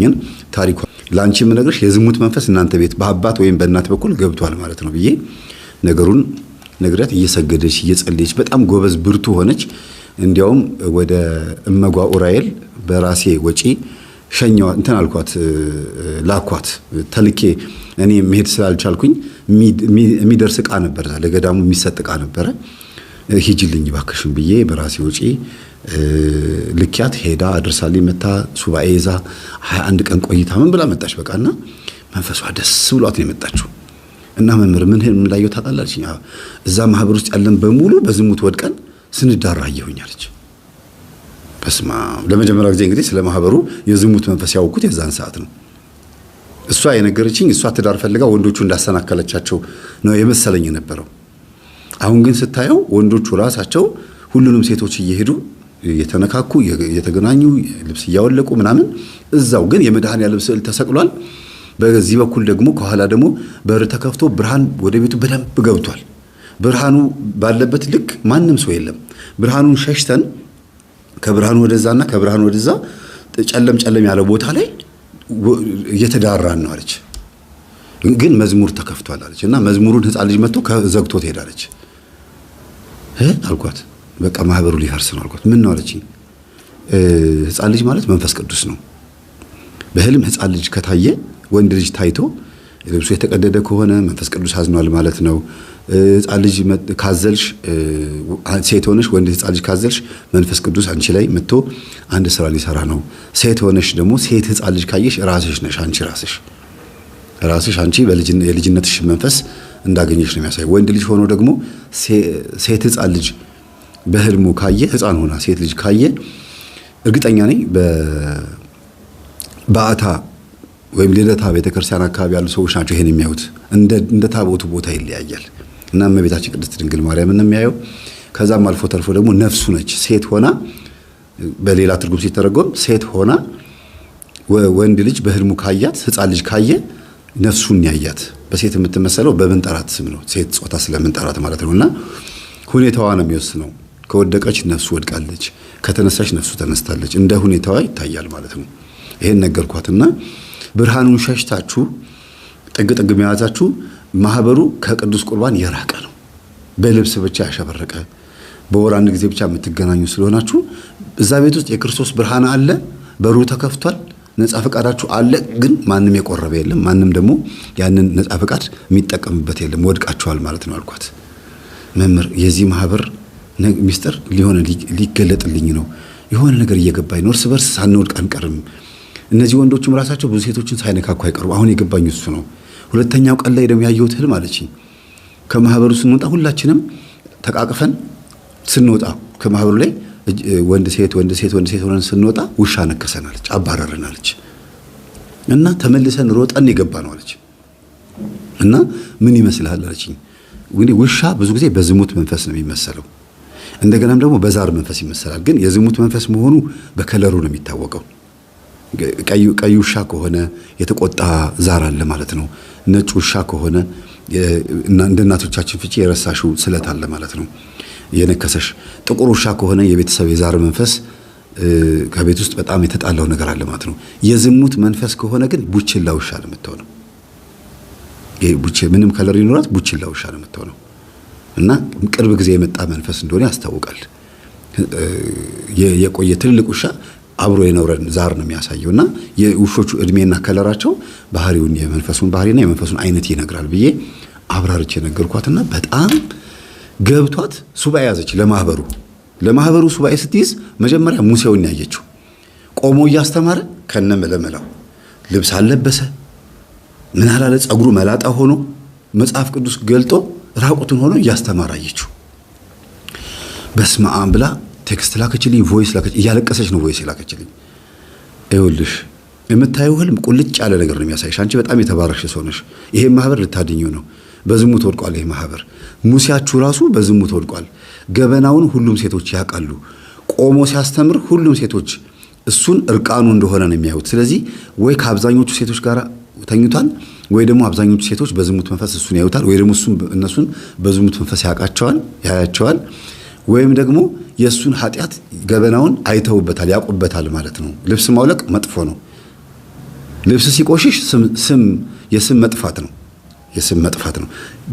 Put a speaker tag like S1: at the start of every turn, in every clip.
S1: ግን ታሪኳ ለአንቺ የምነግርሽ የዝሙት መንፈስ እናንተ ቤት በአባት ወይም በእናት በኩል ገብቷል ማለት ነው ብዬ ነገሩን ነግሪያት፣ እየሰገደች እየጸለየች በጣም ጎበዝ ብርቱ ሆነች። እንዲያውም ወደ እመጓ ኡራኤል በራሴ ወጪ ሸኛዋ እንትን አልኳት ላኳት። ተልኬ እኔ መሄድ ስላልቻልኩኝ የሚደርስ እቃ ነበር ለገዳሙ የሚሰጥ እቃ ነበረ። ሂጅልኝ ባክሽን ብዬ በራሴ ወጪ ልኪያት ሄዳ አድርሳልኝ መታ ሱባኤ ይዛ 21 ቀን ቆይታ ምን ብላ መጣች። በቃና መንፈሷ ደስ ብሏት ነው የመጣችው። እና መምህር ምን ህልም ታውቃለች። እዛ ማህበር ውስጥ ያለን በሙሉ በዝሙት ወድቀን ስንዳራ አየሁኝ አለች። በስማ ለመጀመሪያ ጊዜ እንግዲህ ስለ ማህበሩ የዝሙት መንፈስ ያውቁት የዛን ሰዓት ነው። እሷ የነገረችኝ እሷ ትዳር ፈልጋ ወንዶቹ እንዳሰናከለቻቸው ነው የመሰለኝ የነበረው። አሁን ግን ስታየው ወንዶቹ ራሳቸው ሁሉንም ሴቶች እየሄዱ እየተነካኩ እየተገናኙ ልብስ እያወለቁ ምናምን እዛው ግን የመድኃኔዓለም ስዕል ተሰቅሏል። በዚህ በኩል ደግሞ ከኋላ ደግሞ በር ተከፍቶ ብርሃን ወደ ቤቱ በደንብ ገብቷል። ብርሃኑ ባለበት ልክ ማንም ሰው የለም። ብርሃኑን ሸሽተን ከብርሃኑ ወደዛና ከብርሃኑ ወደዛ ጨለም ጨለም ያለ ቦታ ላይ እየተዳራን ነው አለች። ግን መዝሙር ተከፍቷል አለች እና መዝሙሩን ህፃን ልጅ መጥቶ ዘግቶ ትሄዳለች አልኳት። በቃ ማህበሩ ሊፈርስ ነው አልኳት። ምን ነው አለችኝ። ህፃን ልጅ ማለት መንፈስ ቅዱስ ነው። በህልም ህፃን ልጅ ከታየ ወንድ ልጅ ታይቶ ልብሱ የተቀደደ ከሆነ መንፈስ ቅዱስ አዝኗል ማለት ነው። ህፃን ልጅ ካዘልሽ፣ ሴት ሆነሽ ወንድ ህፃን ልጅ ካዘልሽ መንፈስ ቅዱስ አንቺ ላይ መጥቶ አንድ ስራ ሊሰራ ነው። ሴት ሆነሽ ደግሞ ሴት ህፃን ልጅ ካየሽ ራስሽ ነሽ አንቺ ራስሽ ራስሽ አንቺ የልጅነትሽ መንፈስ እንዳገኘሽ ነው የሚያሳይ። ወንድ ልጅ ሆኖ ደግሞ ሴት ህፃን ልጅ በህልሙ ካየ ህፃን ሆና ሴት ልጅ ካየ እርግጠኛ ነኝ በአታ ወይም ልደታ ቤተክርስቲያን አካባቢ ያሉ ሰዎች ናቸው ይሄን የሚያዩት። እንደ ታቦቱ ቦታ ይለያያል እና እመቤታችን ቅድስት ድንግል ማርያም የሚያየው ከዛም አልፎ ተርፎ ደግሞ ነፍሱ ነች ሴት ሆና በሌላ ትርጉም ሲተረጎም ሴት ሆና ወንድ ልጅ በህልሙ ካያት ህፃን ልጅ ካየ ነፍሱን ያያት። በሴት የምትመሰለው በምንጠራት ስም ነው። ሴት ጾታ ስለምንጠራት ማለት ነው እና ሁኔታዋ ነው የሚወስነው። ከወደቀች ነፍሱ ወድቃለች፣ ከተነሳች ነፍሱ ተነስታለች። እንደ ሁኔታዋ ይታያል ማለት ነው። ይሄን ነገርኳትና ብርሃኑን ሸሽታችሁ ጥግ ጥግ መያዛችሁ ማህበሩ ከቅዱስ ቁርባን የራቀ ነው። በልብስ ብቻ ያሸበረቀ በወር አንድ ጊዜ ብቻ የምትገናኙ ስለሆናችሁ እዛ ቤት ውስጥ የክርስቶስ ብርሃን አለ፣ በሩ ተከፍቷል፣ ነጻ ፈቃዳችሁ አለ። ግን ማንም የቆረበ የለም፣ ማንም ደግሞ ያንን ነጻ ፈቃድ የሚጠቀምበት የለም። ወድቃችኋል ማለት ነው አልኳት። መምህር የዚህ ማህበር ሚስጥር ሊሆነ ሊገለጥልኝ ነው። የሆነ ነገር እየገባኝ ነው። እርስ በርስ ሳንወድቅ አንቀርም። እነዚህ ወንዶችም ራሳቸው ብዙ ሴቶችን ሳይነካኩ አይቀሩም። አሁን የገባኝ እሱ ነው። ሁለተኛው ቀን ላይ ደግሞ ያየሁት ህልም አለች ከማህበሩ ስንወጣ ሁላችንም ተቃቅፈን ስንወጣ ከማህበሩ ላይ ወንድ ሴት ወንድ ሴት ወንድ ሴት ሆነን ስንወጣ ውሻ ነከሰን አለች፣ አባረረን አለች እና ተመልሰን ሮጠን የገባ ነው አለች እና ምን ይመስልሃል አለችኝ። እንግዲህ ውሻ ብዙ ጊዜ በዝሙት መንፈስ ነው የሚመሰለው። እንደገናም ደግሞ በዛር መንፈስ ይመሰላል። ግን የዝሙት መንፈስ መሆኑ በከለሩ ነው የሚታወቀው። ቀዩ ውሻ ከሆነ የተቆጣ ዛር አለ ማለት ነው። ነጭ ውሻ ከሆነ እንደ እናቶቻችን ፍቺ የረሳሽው ስለት አለ ማለት ነው የነከሰሽ። ጥቁር ውሻ ከሆነ የቤተሰብ የዛር መንፈስ ከቤት ውስጥ በጣም የተጣለው ነገር አለ ማለት ነው። የዝሙት መንፈስ ከሆነ ግን ቡችላ ውሻ ነው የምትሆነው። ቡቼ ምንም ከለር ይኖራት ቡችላ ውሻ ነው የምትሆነው። እና ቅርብ ጊዜ የመጣ መንፈስ እንደሆነ ያስታውቃል። የቆየ ትልቅ ውሻ አብሮ የኖረን ዛር ነው የሚያሳየው እና የውሾቹ እድሜና ከለራቸው ባህሪውን የመንፈሱን ባህሪና የመንፈሱን አይነት ይነግራል ብዬ አብራርች የነገርኳትና በጣም ገብቷት ሱባኤ ያዘች። ለማህበሩ ለማህበሩ ሱባኤ ስትይዝ መጀመሪያ ሙሴውን ያየችው ቆሞ እያስተማረ ከነ መለመላው ልብስ አልለበሰ ምን አላለ፣ ፀጉሩ መላጣ ሆኖ መጽሐፍ ቅዱስ ገልጦ ራቁቱን ሆኖ እያስተማረ አየችው። በስመ አብ ብላ ቴክስት ላከችልኝ፣ ቮይስ ላከች። እያለቀሰች ነው ቮይስ ላከችልኝ። ይኸውልሽ የምታየው ህልም ቁልጭ ያለ ነገር ነው የሚያሳይሽ። አንቺ በጣም የተባረክሽ ሰው ነሽ። ይሄ ማህበር ልታድኚው ነው። በዝሙት ወድቋል ይሄ ማህበር። ሙሴያችሁ ራሱ በዝሙት ወድቋል። ገበናውን ሁሉም ሴቶች ያውቃሉ። ቆሞ ሲያስተምር ሁሉም ሴቶች እሱን እርቃኑ እንደሆነ ነው የሚያዩት። ስለዚህ ወይ ከአብዛኞቹ ሴቶች ጋር ተኝቷል ወይ ደግሞ አብዛኞቹ ሴቶች በዝሙት መንፈስ እሱን ያዩታል፣ ወይ ደግሞ እሱን እነሱን በዝሙት መንፈስ ያውቃቸዋል ያያቸዋል፣ ወይም ደግሞ የእሱን ኃጢአት ገበናውን አይተውበታል ያውቁበታል ማለት ነው። ልብስ ማውለቅ መጥፎ ነው። ልብስ ሲቆሽሽ ስም የስም መጥፋት ነው የስም መጥፋት ነው።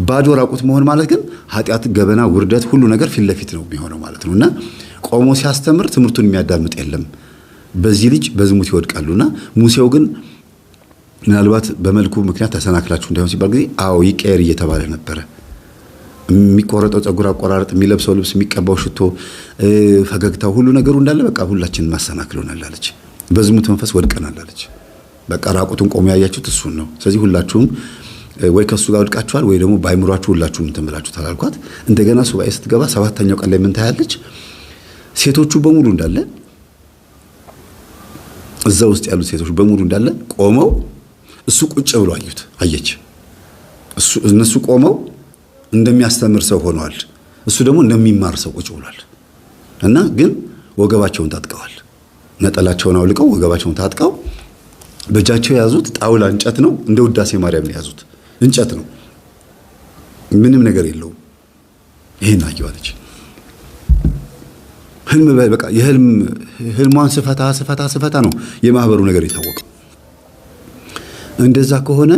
S1: ባዶ ራቁት መሆን ማለት ግን ኃጢአት፣ ገበና፣ ውርደት ሁሉ ነገር ፊት ለፊት ነው የሚሆነው ማለት ነው እና ቆሞ ሲያስተምር ትምህርቱን የሚያዳምጥ የለም። በዚህ ልጅ በዝሙት ይወድቃሉና ሙሴው ግን ምናልባት በመልኩ ምክንያት ተሰናክላችሁ እንዳይሆን ሲባል ጊዜ አዎ ይቀየር እየተባለ ነበረ። የሚቆረጠው ጸጉር አቆራረጥ፣ የሚለብሰው ልብስ፣ የሚቀባው ሽቶ፣ ፈገግታው፣ ሁሉ ነገሩ እንዳለ በቃ ሁላችን አሰናክሎናል አለች። በዝሙት መንፈስ ወድቀናል አለች። በቃ ራቁቱን ቆሞ ያያችሁት እሱን ነው። ስለዚህ ሁላችሁም ወይ ከእሱ ጋር ወድቃችኋል ወይ ደግሞ በአይምሯችሁ ሁላችሁም እንትን ብላችሁታል እንደገና ሱባኤ ስትገባ ሰባተኛው ቀን ላይ ምን ታያለች? ሴቶቹ በሙሉ እንዳለ እዛ ውስጥ ያሉት ሴቶች በሙሉ እንዳለ ቆመው እሱ ቁጭ ብሎ አዩት አየች። እነሱ ቆመው እንደሚያስተምር ሰው ሆነዋል። እሱ ደግሞ እንደሚማር ሰው ቁጭ ብሏል እና ግን ወገባቸውን ታጥቀዋል። ነጠላቸውን አውልቀው ወገባቸውን ታጥቀው በእጃቸው የያዙት ጣውላ እንጨት ነው። እንደ ውዳሴ ማርያም የያዙት እንጨት ነው። ምንም ነገር የለውም። ይህን አየዋለች። ህልም በቃ የህልም ህልሟን ስፈታ ስፈታ ስፈታ ነው የማህበሩ ነገር የታወቀው። እንደዛ ከሆነ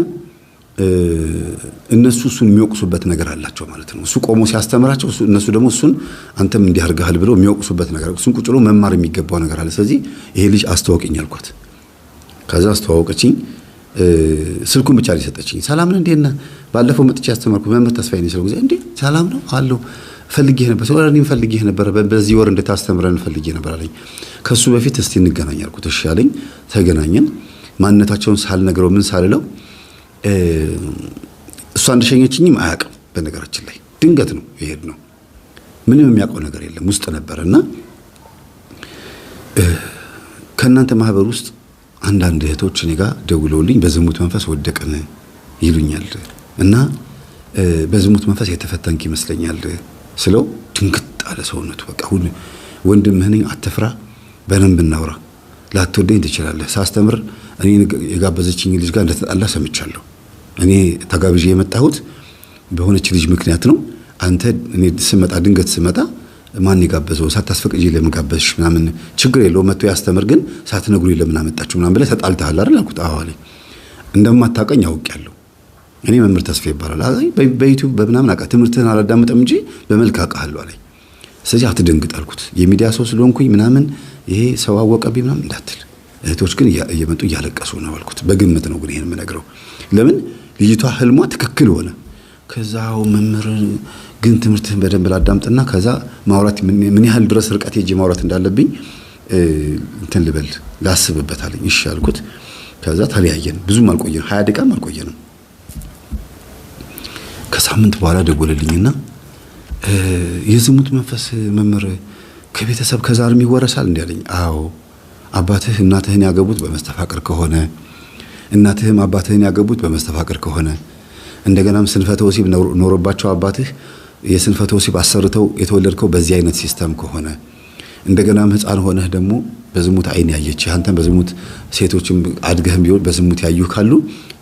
S1: እነሱ እሱን የሚወቅሱበት ነገር አላቸው ማለት ነው። እሱ ቆሞ ሲያስተምራቸው እነሱ ደግሞ እሱን አንተም እንዲህ አድርገሃል ብለው የሚወቅሱበት ነገር እሱን ቁጭሎ መማር የሚገባው ነገር አለ። ስለዚህ ይሄ ልጅ አስተዋወቅኝ አልኳት። ከዛ አስተዋወቀችኝ። ስልኩን ብቻ ሊሰጠችኝ ሰላም ነው እንዴት ነህ? ባለፈው መጥቼ ያስተማርኩ መምህር ተስፋዬ ነው ስለው ጊዜ እንዴ ሰላም ነው አለው ፈልጌህ ነበር ስለ እኔም ፈልጌህ ነበር በዚህ ወር እንድታስተምረን ፈልጌ ነበር አለኝ። ከእሱ በፊት እስቲ እንገናኝ አልኩት። እሺ አለኝ። ተገናኘን። ማንነታቸውን ሳልነግረው ምን ሳልለው እሷ እንደሸኘችኝም አያውቅም። በነገራችን ላይ ድንገት ነው ይሄድ ነው። ምንም የሚያውቀው ነገር የለም። ውስጥ ነበር እና ከእናንተ ማህበር ውስጥ አንዳንድ እህቶች እኔ ጋር ደውለውልኝ በዝሙት መንፈስ ወደቅን ይሉኛል እና በዝሙት መንፈስ የተፈተንክ ይመስለኛል ስለው ድንግጥ አለ ሰውነቱ። በቃ ወንድምህን አትፍራ፣ በደንብ እናውራ፣ ላትወደኝ ትችላለህ፣ ሳስተምር እኔ የጋበዘችኝ ልጅ ጋር እንደተጣላ ሰምቻለሁ። እኔ ተጋብዤ የመጣሁት በሆነች ልጅ ምክንያት ነው። አንተ እኔ ስመጣ ድንገት ስመጣ ማን የጋበዘው ሳታስፈቅጂ ለምን ጋበዝሽ? ምናምን ችግር የለው መጥቶ ያስተምር፣ ግን ሳትነግሩ ለምን አመጣችሁ? ምናምን ብለህ ተጣልተሃል አይደል አልኩት። አዎ አለኝ። እንደማታውቀኝ አውቄያለሁ። እኔ መምህር ተስፋ ይባላል። አይ በዩቲዩብ በምናምን አውቃ ትምህርትህን አላዳምጥም እንጂ በመልክ አውቃለሁ አለኝ። ስለዚህ አትደንግጥ አልኩት። የሚዲያ ሰው ስለሆንኩኝ ምናምን ይሄ ሰው አወቀብኝ ምናምን እንዳትል እህቶች ግን እየመጡ እያለቀሱ ነው አልኩት። በግምት ነው ግን ይሄን የምነግረው። ለምን ልጅቷ ህልሟ ትክክል ሆነ። ከዛው መምህር ግን ትምህርትህን በደንብ ላዳምጥና ከዛ ማውራት ምን ያህል ድረስ ርቀት ሄጄ ማውራት እንዳለብኝ እንትን ልበል ላስብበት አለኝ። እሺ አልኩት። ከዛ ተለያየን። ብዙም አልቆየንም፣ ሀያ ደቂቃም አልቆየንም። ከሳምንት በኋላ ደወለልኝና የዝሙት መንፈስ መምህር ከቤተሰብ ከዛርም ይወረሳል እንዲያለኝ። አዎ አባትህ እናትህን ያገቡት በመስተፋቅር ከሆነ እናትህም አባትህን ያገቡት በመስተፋቅር ከሆነ እንደገናም ስንፈተ ወሲብ ኖሮባቸው አባትህ የስንፈተ ወሲብ አሰርተው የተወለድከው በዚህ አይነት ሲስተም ከሆነ እንደገናም ህፃን ሆነህ ደግሞ በዝሙት አይን ያየች አንተም በዝሙት ሴቶችም አድገህም ቢሆን በዝሙት ያዩ ካሉ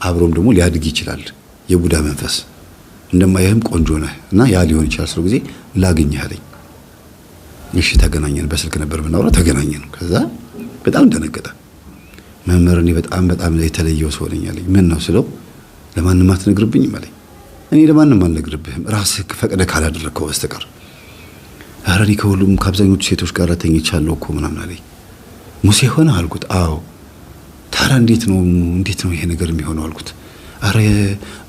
S1: አብሮም ደግሞ ሊያድግ ይችላል። የቡዳ መንፈስ እንደማይህም ቆንጆ ነህ እና ያ ሊሆን ይችላል። ስለ ጊዜ ላግኝህ አለኝ። እሺ ተገናኘን። በስልክ ነበር ምናወራ። ተገናኘን ከዛ በጣም ደነገጠ። መምህር እኔ በጣም በጣም የተለየው ሰው ነኝ አለኝ። ምን ነው ስለው ለማንም አትነግርብኝም አለኝ። እኔ ለማንም አልነግርብህም ራስህ ፈቅደህ ካላደረግከው በስተቀር ኧረ እኔ ከሁሉም ከአብዛኞቹ ሴቶች ጋር ተኝቻለሁ እኮ ምናምን አለኝ። ሙሴ ሆነ አልኩት። አዎ ታዲያ እንዴት ነው እንዴት ነው ይሄ ነገር የሚሆነው አልኩት። አረ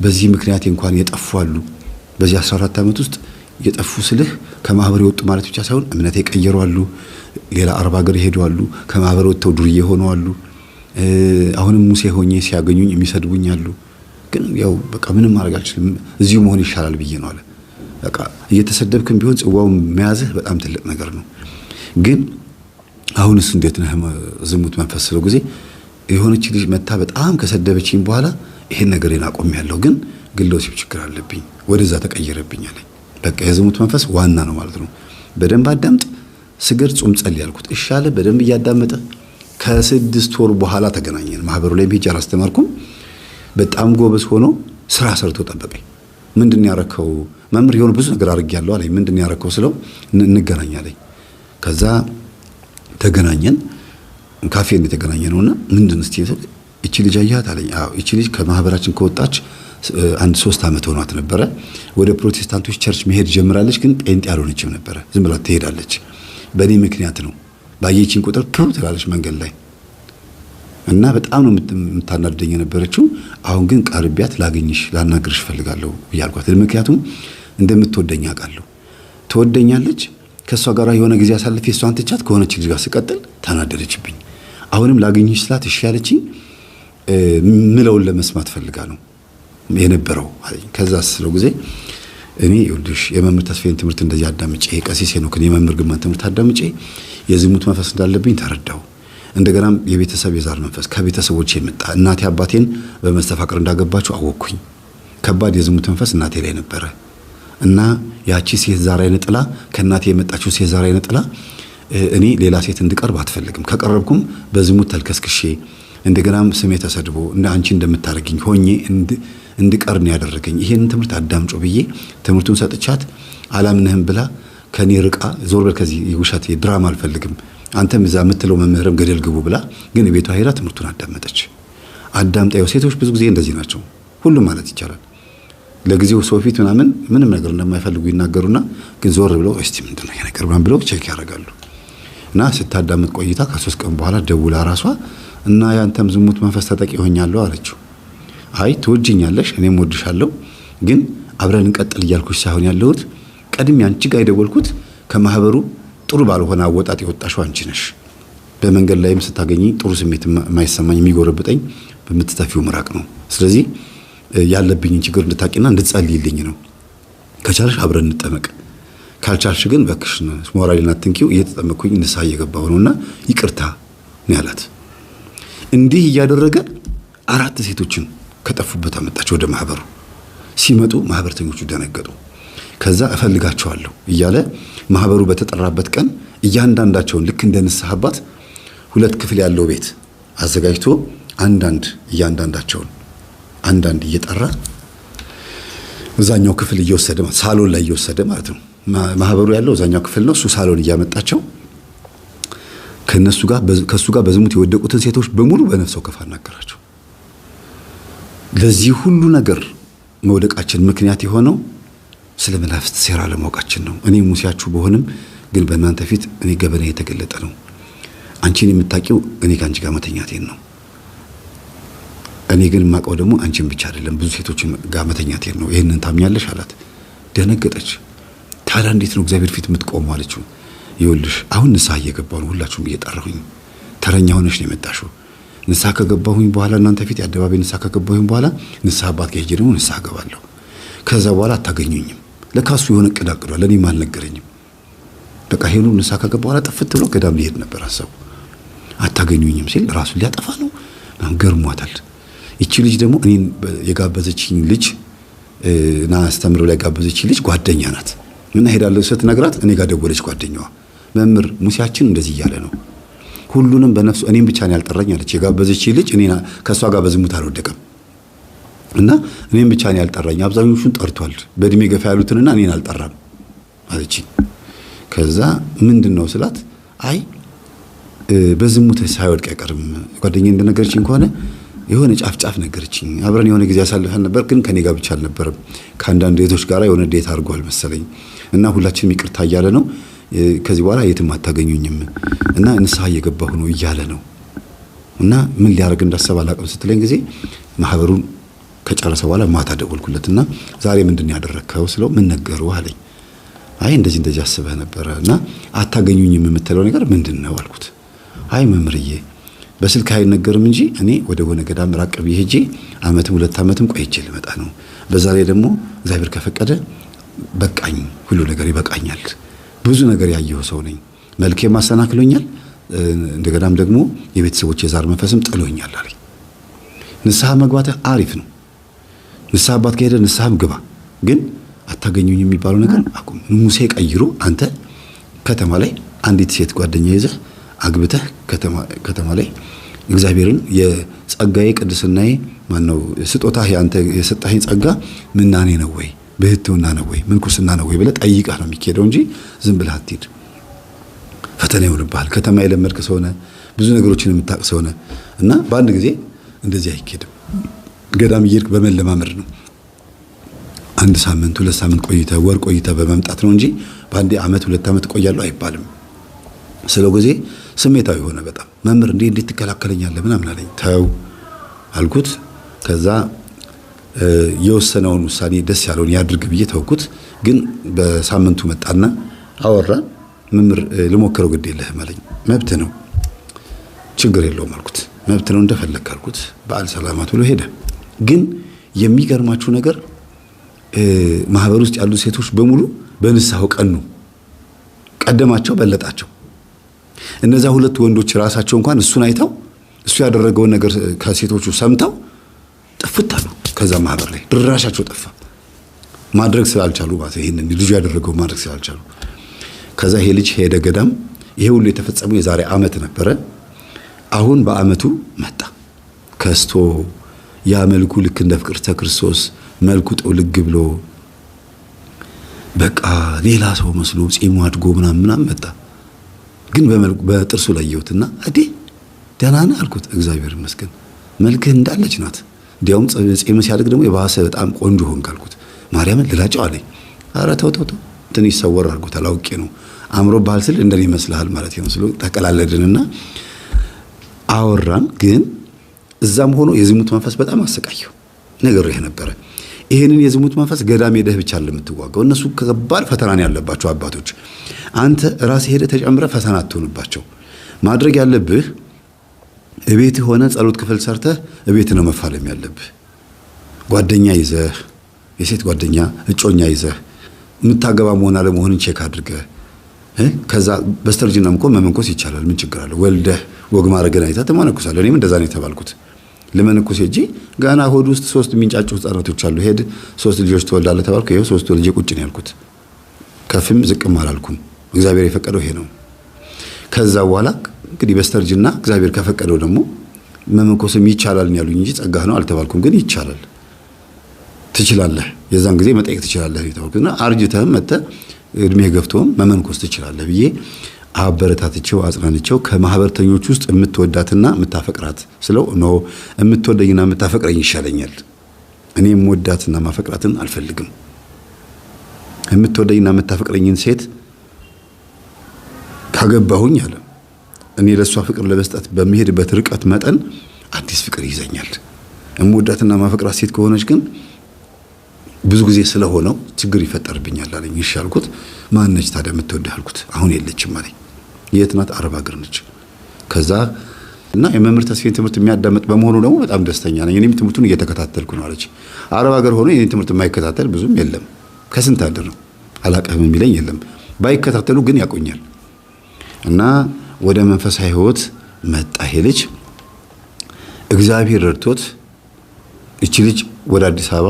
S1: በዚህ ምክንያት እንኳን የጠፉ አሉ። በዚህ 14 ዓመት ውስጥ የጠፉ ስልህ ከማህበር የወጡ ማለት ብቻ ሳይሆን እምነት የቀየሩ አሉ ሌላ አረብ ሀገር ሄዱ አሉ። ከማህበር ወጥተው ዱርዬ ሆነው አሉ። አሁንም ሙሴ ሆኜ ሲያገኙኝ የሚሰድቡኝ አሉ። ግን ያው በቃ ምንም ማድረግ አልችልም፣ እዚሁ መሆን ይሻላል ብዬ ነው አለ። በቃ እየተሰደብክም ቢሆን ጽዋው መያዝህ በጣም ትልቅ ነገር ነው። ግን አሁንስ እንዴት ነህ? ዝሙት መንፈስ ስለው ጊዜ የሆነች ልጅ መታ በጣም ከሰደበችኝ በኋላ ይሄን ነገር አቆም ያለው ግን ግለው ሲብ ችግር አለብኝ፣ ወደዛ ተቀየረብኝ አለኝ። በቃ የዝሙት መንፈስ ዋና ነው ማለት ነው። በደንብ አዳምጥ ስገድ ጾም ጸልይ ያልኩት እሺ በደንብ እያዳመጠ ከስድስት ወር በኋላ ተገናኘን። ማህበሩ ላይ ሄጄ አላስተማርኩም። በጣም ጎበዝ ሆኖ ስራ ሰርቶ ጠበቀኝ። ምንድን ያረከው መምህር? የሆነ ብዙ ነገር አድርጌያለሁ አለኝ። ምንድን ያረከው ስለው እንገናኛለኝ። ከዛ ተገናኘን። ካፌ ነው የተገናኘ ነውና ምንድን እስቲ እቺ ልጅ አያት አለኝ። አዎ እቺ ልጅ ከማህበራችን ከወጣች አንድ ሶስት ዓመት ሆኗት ነበረ። ወደ ፕሮቴስታንቶች ቸርች መሄድ ጀምራለች፣ ግን ጴንጤ አልሆነችም ነበረ። ዝም ብላ ትሄዳለች። በእኔ ምክንያት ነው። ባየችን ቁጥር ፕሩ ትላለች መንገድ ላይ እና በጣም ነው የምታናድደኝ የነበረችው። አሁን ግን ቀርቢያት ላገኝሽ ላናግርሽ ፈልጋለሁ እያልኳት፣ ምክንያቱም እንደምትወደኝ አውቃለሁ። ትወደኛለች። ከእሷ ጋር የሆነ ጊዜ አሳልፌ የእሷን ትቻት ከሆነች ልጅ ጋር ስቀጥል ታናደደችብኝ። አሁንም ላገኝሽ ስላት እሺ ያለችኝ ምለውን ለመስማት ፈልጋ ነው የነበረው። ከዛ ስለው ጊዜ እኔ ይኸውልሽ የመምህር ተስፋዬን ትምህርት እንደዚህ አዳምጬ ቀሲስ ሄኖክን የመምህር ግርማን ትምህርት አዳምጬ የዝሙት መንፈስ እንዳለብኝ ተረዳው። እንደገናም የቤተሰብ የዛር መንፈስ ከቤተሰቦች የመጣ እናቴ አባቴን በመስተፋቅር እንዳገባችሁ አወቅኩኝ። ከባድ የዝሙት መንፈስ እናቴ ላይ ነበረ እና ያቺ ሴት ዛር አይነ ጥላ ከእናቴ የመጣችው ሴት ዛር አይነ ጥላ እኔ ሌላ ሴት እንድቀርብ አትፈልግም። ከቀረብኩም በዝሙት ተልከስክሼ እንደገናም ስሜ ተሰድቦ እንደ አንቺ እንደምታደርግኝ ሆኜ እንድቀርን ያደረገኝ። ይሄንን ትምህርት አዳምጮ ብዬ ትምህርቱን ሰጥቻት አላምንህም ብላ ከኔ ርቃ ዞር በል ከዚህ የውሸት ድራማ አልፈልግም፣ አንተም እዛ የምትለው መምህርም ገደል ግቡ ብላ ግን ቤቷ ሄዳ ትምህርቱን አዳመጠች። አዳምጣ ሴቶች ብዙ ጊዜ እንደዚህ ናቸው፣ ሁሉም ማለት ይቻላል። ለጊዜው ሰው ፊት ምናምን ምንም ነገር እንደማይፈልጉ ይናገሩና ግን ዞር ብለው እስቲ ምንድነው ይሄ ነገር ብለው ቼክ ያደርጋሉ። እና ስታዳምጥ ቆይታ ከሶስት ቀን በኋላ ደውላ ራሷ እና ያንተም ዝሙት መንፈስ ተጠቂ ሆኛለሁ አለችው። አይ ትወጅኛለሽ፣ እኔም ወድሻለሁ፣ ግን አብረን እንቀጥል እያልኩሽ ሳይሆን ያለሁት ቀድሜ አንቺ ጋር የደወልኩት ከማህበሩ ጥሩ ባልሆነ አወጣጥ የወጣሽው አንቺ ነሽ። በመንገድ ላይም ስታገኝ ጥሩ ስሜት የማይሰማኝ የሚጎረብጠኝ በምትተፊው ምራቅ ነው። ስለዚህ ያለብኝን ችግር እንድታቂና እንድትጸልይልኝ ነው። ከቻልሽ አብረን እንጠመቅ፣ ካልቻልሽ ግን በክሽ ሞራሌና ትንኪው እየተጠመቅኩኝ ንስሐ እየገባሁ ነውና ይቅርታ ነው ያላት። እንዲህ እያደረገ አራት ሴቶችን ከጠፉበት አመጣቸው ወደ ማህበሩ። ሲመጡ ማህበርተኞቹ ደነገጡ። ከዛ እፈልጋቸዋለሁ እያለ ማህበሩ በተጠራበት ቀን እያንዳንዳቸውን ልክ እንደ ንስሐ አባት ሁለት ክፍል ያለው ቤት አዘጋጅቶ አንዳንድ እያንዳንዳቸውን አንዳንድ እየጠራ እዛኛው ክፍል እየወሰደ ሳሎን ላይ እየወሰደ ማለት ነው። ማህበሩ ያለው እዛኛው ክፍል ነው። እሱ ሳሎን እያመጣቸው ከእነሱ ጋር ከእሱ ጋር በዝሙት የወደቁትን ሴቶች በሙሉ በነፍሰው ከፋ አናገራቸው። ለዚህ ሁሉ ነገር መውደቃችን ምክንያት የሆነው ስለ መናፍስት ሴራ ለማወቃችን ነው። እኔ ሙሴያችሁ በሆንም ግን በእናንተ ፊት እኔ ገበና የተገለጠ ነው። አንቺን የምታውቂው እኔ ከአንቺ ጋር መተኛቴን ነው። እኔ ግን የማውቀው ደግሞ አንቺን ብቻ አይደለም፣ ብዙ ሴቶችን ጋር መተኛቴን ነው። ይህንን ታምኛለሽ አላት። ደነገጠች። ታዲያ እንዴት ነው እግዚአብሔር ፊት የምትቆሙ አለችው። ይኸውልሽ አሁን ንስሐ እየገባሁ ነው፣ ሁላችሁም እየጠራሁኝ ተረኛ ሆነሽ ነው የመጣሽው ንስሐ ከገባሁኝ በኋላ እናንተ ፊት የአደባባይ ንስሐ ከገባሁኝ በኋላ ንስሐ አባት ከሄጄ ደግሞ ንስሐ እገባለሁ። ከዛ በኋላ አታገኙኝም። ለካሱ የሆነ እቅድ አቅዷል፣ እኔም አልነገረኝም። በቃ ሄሉ ንስሐ ከገባ በኋላ ጥፍት ብሎ ገዳም ሊሄድ ነበር ሀሳቡ። አታገኙኝም ሲል ራሱ ሊያጠፋ ነው፣ ገርሟታል። ይቺ ልጅ ደግሞ እኔን የጋበዘችኝ ልጅ እና አስተምረው ላይ ጋበዘችኝ ልጅ ጓደኛ ናት እና ሄዳለሁ ስትነግራት እኔ ጋር ደወለች ጓደኛዋ። መምህር ሙሴያችን እንደዚህ እያለ ነው ሁሉንም በነፍሱ እኔም ብቻ ነው ያልጠራኝ አለች። የጋበዘች ልጅ እኔ ከእሷ ጋር በዝሙት አልወደቀም እና እኔም ብቻ ነው ያልጠራኝ፣ አብዛኞቹን ጠርቷል፣ በእድሜ ገፋ ያሉትንና እኔን አልጠራም አለች። ከዛ ምንድን ነው ስላት፣ አይ በዝሙት ሳይወድቅ አይቀርም ጓደኛ እንደነገረችኝ ከሆነ የሆነ ጫፍ ጫፍ ነገረችኝ። አብረን የሆነ ጊዜ ያሳልፈን ነበር፣ ግን ከኔ ጋር ብቻ አልነበረም። ከአንዳንድ ዴቶች ጋር የሆነ ዴት አድርጓል መሰለኝ እና ሁላችንም ይቅርታ እያለ ነው ከዚህ በኋላ የትም አታገኙኝም እና ንስሐ እየገባሁ ነው እያለ ነው እና ምን ሊያደርግ እንዳሰብ አላቅም ስትለኝ ጊዜ ማህበሩን ከጨረሰ በኋላ ማታ ደወልኩለት እና ዛሬ ምንድን ያደረግከው ስለው ምን ነገሩ አለኝ። አይ እንደዚህ እንደዚህ አስበህ ነበረ እና አታገኙኝም የምትለው ነገር ምንድን ነው አልኩት። አይ መምርዬ በስልክ አይነገርም እንጂ እኔ ወደ ወነ ገዳም ራቅ ብዬ ሄጄ ሁለት ዓመትም ቆይቼ ልመጣ ነው። በዛ ላይ ደግሞ እግዚአብሔር ከፈቀደ በቃኝ፣ ሁሉ ነገር ይበቃኛል ብዙ ነገር ያየሁ ሰው ነኝ። መልኬም አሰናክሎኛል። እንደገናም ደግሞ የቤተሰቦች የዛር መንፈስም ጥሎኛል አለኝ። ንስሐ መግባት አሪፍ ነው። ንስሐ አባት ከሄደ ንስሐም ግባ፣ ግን አታገኙኝ የሚባለው ነገር አቁም። ሙሴ ቀይሮ አንተ ከተማ ላይ አንዲት ሴት ጓደኛ ይዘህ አግብተህ ከተማ ላይ እግዚአብሔርን የጸጋዬ ቅድስናዬ ማነው ስጦታ የሰጣኸኝ ጸጋ ምናኔ ነው ወይ በህትውና ነው ወይ ምንኩስና ነው ወይ ብለህ ጠይቀህ ነው የሚካሄደው እንጂ ዝም ብለህ አትሂድ። ፈተና ይሆንብሃል። ከተማ የለመድክ ሰሆነ ብዙ ነገሮችን የምታውቅ ሰሆነ እና በአንድ ጊዜ እንደዚህ አይኬድም። ገዳም እየሄድክ በመለማመድ ነው። አንድ ሳምንት ሁለት ሳምንት ቆይተ ወር ቆይተ በመምጣት ነው እንጂ በአንድ ዓመት ሁለት ዓመት እቆያለሁ አይባልም። ስለው ጊዜ ስሜታዊ ሆነ በጣም መምህር እንዴ እንዴት ትከላከለኛለህ ምናምን አለኝ። ተው አልኩት። ከዛ የወሰነውን ውሳኔ ደስ ያለውን ያድርግ ብዬ ተውኩት። ግን በሳምንቱ መጣና አወራ መምህር ልሞክረው ግድ የለህ አለኝ። መብት ነው ችግር የለውም አልኩት። መብት ነው እንደፈለግ አልኩት። በዓል ሰላማት ብሎ ሄደ። ግን የሚገርማችሁ ነገር ማህበር ውስጥ ያሉ ሴቶች በሙሉ በንስሐው ቀኑ። ቀደማቸው፣ በለጣቸው። እነዛ ሁለት ወንዶች ራሳቸው እንኳን እሱን አይተው እሱ ያደረገውን ነገር ከሴቶቹ ሰምተው ከዛ ማህበር ላይ ድራሻቸው ጠፋ። ማድረግ ስላልቻሉ ማለት ልጁ ያደረገው ማድረግ ስላልቻሉ፣ ከዛ ይሄ ልጅ ሄደ ገዳም። ይሄ ሁሉ የተፈጸመው የዛሬ አመት ነበረ። አሁን በአመቱ መጣ ከስቶ ያ መልኩ ልክ እንደ ፍቅርተ ክርስቶስ መልኩ ጥውልግ ብሎ በቃ ሌላ ሰው መስሎ ጺሙ አድጎ ምናምን ምናምን መጣ። ግን በጥርሱ ላይ የውትና እዴ ደህና ነህ አልኩት። እግዚአብሔር ይመስገን መልክህ እንዳለች ናት እንዲያውም ጺም ሲያድግ ደግሞ የባሰ በጣም ቆንጆ ሆንክ አልኩት። ማርያምን ልላጨው አለኝ። ኧረ ተው ተው ተው ትንሽ ሰወር አድርጎታል አውቄ ነው አእምሮ ባህል ስል እንደኔ ይመስልሃል ማለት ነው ስሎ ተቀላለድንና አወራን። ግን እዛም ሆኖ የዝሙት መንፈስ በጣም አሰቃየው ነግሬህ ነበረ። ይህንን የዝሙት መንፈስ ገዳም ሄደህ ብቻ ለምትዋጋው እነሱ ከባድ ፈተና ያለባቸው አባቶች። አንተ ራስህ ሄደህ ተጨምረህ ፈተና አትሆንባቸው ማድረግ ያለብህ እቤት ሆነ ጸሎት ክፍል ሰርተህ እቤት ነው መፋለም ያለብህ። ጓደኛ ይዘህ የሴት ጓደኛ እጮኛ ይዘህ የምታገባ መሆን አለመሆንን ቼክ አድርገህ ከዛ በስተርጅናም እኮ መመንኮስ ይቻላል። ምን ችግር አለ? ወልደህ ወግ ማድረግን አይታ ትመነኩሳለህ። እኔም እንደዛ ነው የተባልኩት። ልመነኩስ ሄጄ ገና ሆድ ውስጥ ሶስት የሚንጫጩ ህጻናቶች አሉ። ሄድ ሶስት ልጆች ትወልዳለህ ተባልኩ። ይኸው ሶስት ወልጄ ቁጭ ነው ያልኩት። ከፍም ዝቅም አላልኩም። እግዚአብሔር የፈቀደው ይሄ ነው። ከዛ በኋላ እንግዲህ በስተርጅና እግዚአብሔር ከፈቀደው ደግሞ መመንኮስም ይቻላል ያሉኝ እንጂ ጸጋህ ነው አልተባልኩም። ግን ይቻላል፣ ትችላለህ፣ የዛን ጊዜ መጠየቅ ትችላለህ የተባልኩትና አርጅተህም መጥተህ እድሜ ገፍቶም መመንኮስ ትችላለህ ብዬ አበረታትቸው አጽናንቸው። ከማህበርተኞች ውስጥ የምትወዳትና የምታፈቅራት ስለው ኖ የምትወደኝና የምታፈቅረኝ ይሻለኛል። እኔ የምወዳትና ማፈቅራትን አልፈልግም። የምትወደኝና የምታፈቅረኝን ሴት ካገባሁኝ አለም እኔ ለእሷ ፍቅር ለመስጠት በሚሄድበት ርቀት መጠን አዲስ ፍቅር ይዘኛል። እምወዳትና ማፈቅራት ሴት ከሆነች ግን ብዙ ጊዜ ስለሆነው ችግር ይፈጠርብኛል አለኝ። እሺ አልኩት። ማነች ታዲያ የምትወድህ አልኩት። አሁን የለችም አለኝ። የት ናት? አረብ ሀገር ነች። ከዛ እና የመምህር ተስፌን ትምህርት የሚያዳምጥ በመሆኑ ደግሞ በጣም ደስተኛ ነኝ። እኔም ትምህርቱን እየተከታተልኩ ነው አለች። አረብ ሀገር ሆኖ የኔን ትምህርት የማይከታተል ብዙም የለም። ከስንት አድር ነው አላቀህም የሚለኝ የለም። ባይከታተሉ ግን ያቆኛል እና ወደ መንፈሳዊ ህይወት መጣ። ይሄ ልጅ እግዚአብሔር ረድቶት እቺ ልጅ ወደ አዲስ አበባ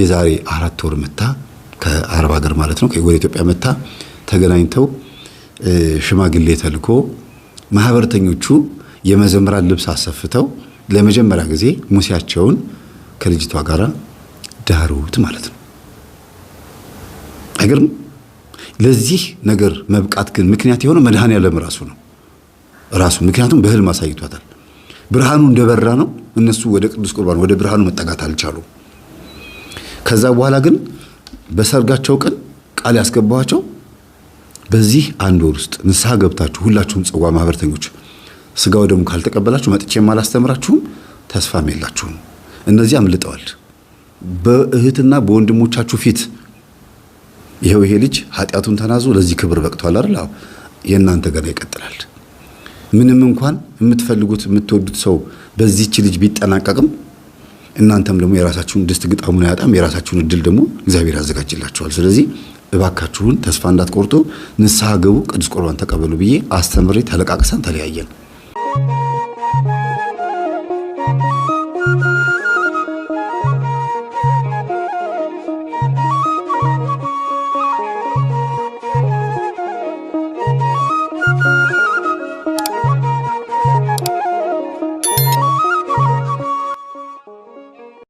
S1: የዛሬ አራት ወር መታ ከአረብ ሀገር ማለት ነው ወደ ኢትዮጵያ መታ። ተገናኝተው ሽማግሌ ተልኮ ማህበረተኞቹ የመዘምራን ልብስ አሰፍተው ለመጀመሪያ ጊዜ ሙሴያቸውን ከልጅቷ ጋር ዳሩት ማለት ነው። አይገርም? ለዚህ ነገር መብቃት ግን ምክንያት የሆነው መድኃኔ ዓለም ራሱ ነው። ራሱ ምክንያቱም በህልም አሳይቷታል። ብርሃኑ እንደበራ ነው እነሱ ወደ ቅዱስ ቁርባን ወደ ብርሃኑ መጠጋት አልቻሉ። ከዛ በኋላ ግን በሰርጋቸው ቀን ቃል ያስገባኋቸው በዚህ አንድ ወር ውስጥ ንስሐ ገብታችሁ ሁላችሁም ጽዋ ማህበርተኞች ስጋው ደግሞ ካልተቀበላችሁ መጥቼም አላስተምራችሁም፣ ተስፋም የላችሁም። እነዚህ አምልጠዋል። በእህትና በወንድሞቻችሁ ፊት ይኸው ይሄ ልጅ ኃጢአቱን ተናዞ ለዚህ ክብር በቅቷል አይደል? የእናንተ ገና ይቀጥላል። ምንም እንኳን የምትፈልጉት የምትወዱት ሰው በዚህች ልጅ ቢጠናቀቅም እናንተም ደግሞ የራሳችሁን ድስት ግጣሙን አያጣም። የራሳችሁን እድል ደግሞ እግዚአብሔር ያዘጋጅላችኋል። ስለዚህ እባካችሁን ተስፋ እንዳትቆርጡ፣ ንስሐ ግቡ፣ ቅዱስ ቁርባን ተቀበሉ ብዬ አስተምሬ ተለቃቅሰን ተለያየን።